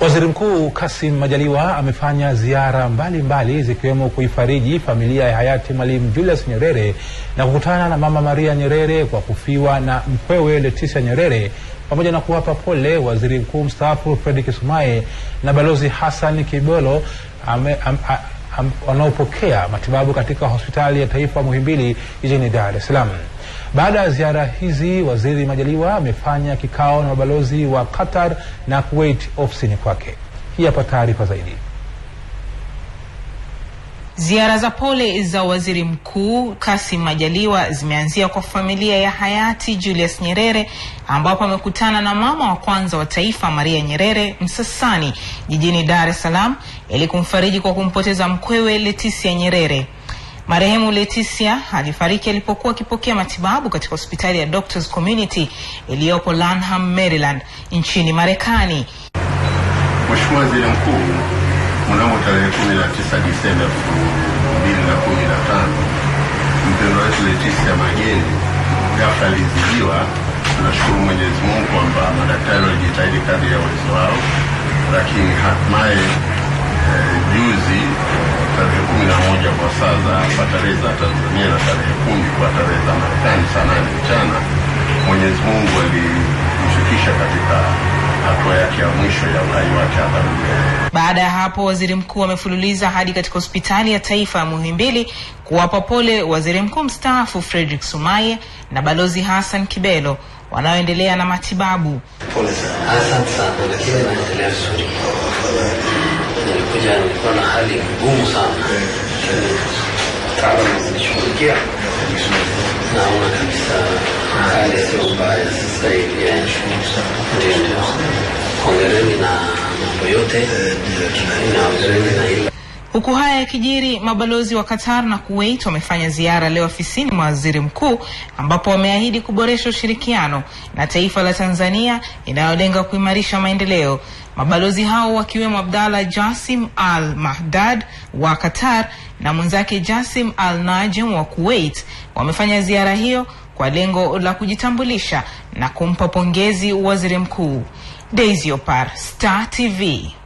Waziri Mkuu Kassim Majaliwa amefanya ziara mbalimbali zikiwemo kuifariji familia ya hayati Mwalimu Julius Nyerere na kukutana na Mama Maria Nyerere kwa kufiwa na mkwewe Letisia Nyerere pamoja na kuwapa pole Waziri Mkuu mstaafu Fred Kisumaye na Balozi Hassan Kibolo ame, am, a, wanaopokea matibabu katika hospitali ya taifa Muhimbili jijini Dar es Salaam. Baada ya ziara hizi, Waziri Majaliwa amefanya kikao na mabalozi wa Qatar na Kuwait ofisini kwake. Hii hapa taarifa zaidi. Ziara za pole za waziri mkuu Kassim Majaliwa zimeanzia kwa familia ya hayati Julius Nyerere ambapo amekutana na mama wa kwanza wa taifa Maria Nyerere Msasani jijini Dar es Salaam ili kumfariji kwa kumpoteza mkwewe letisia Nyerere. Marehemu letisia alifariki alipokuwa akipokea matibabu katika hospitali ya Doctors Community iliyopo Lanham, Maryland nchini Marekani. Mheshimiwa Waziri Mkuu mnamo tarehe tisa Disemba tano mpendwa wetu Leticia Mageni ghafla alizidiwa. Tunashukuru Mwenyezi Mungu kwamba madaktari walijitahidi kadri ya uwezo wao, lakini hatimaye eh, juzi tarehe kumi na moja kwa saa za hapa tarehe za Tanzania na tarehe kumi kwa tarehe za Marekani saa nane mchana Mwenyezi Mungu katika hatua yake ya mwisho ya uhai wake hapa duniani. Baada ya hapo, waziri mkuu amefululiza hadi katika hospitali ya taifa ya Muhimbili kuwapa pole waziri mkuu mstaafu Frederick Sumaye na balozi Hassan Kibelo wanaoendelea na matibabu. Pole sana. Asante sana. Naendelea vizuri. Nilikuja nilikuwa na hali ngumu sana, kabisa hali sio mbaya sasa hivi. Eh, Huku haya yakijiri, mabalozi wa Qatar na Kuwait wamefanya ziara leo ofisini mwa waziri mkuu, ambapo wameahidi kuboresha ushirikiano na taifa la Tanzania inayolenga kuimarisha maendeleo. Mabalozi hao wakiwemo Abdalla Jasim Al Mahdad wa Qatar na mwenzake Jasim Al Najem wa Kuwait wamefanya ziara hiyo kwa lengo la kujitambulisha na kumpa pongezi waziri mkuu. Daisy Opar, Star TV.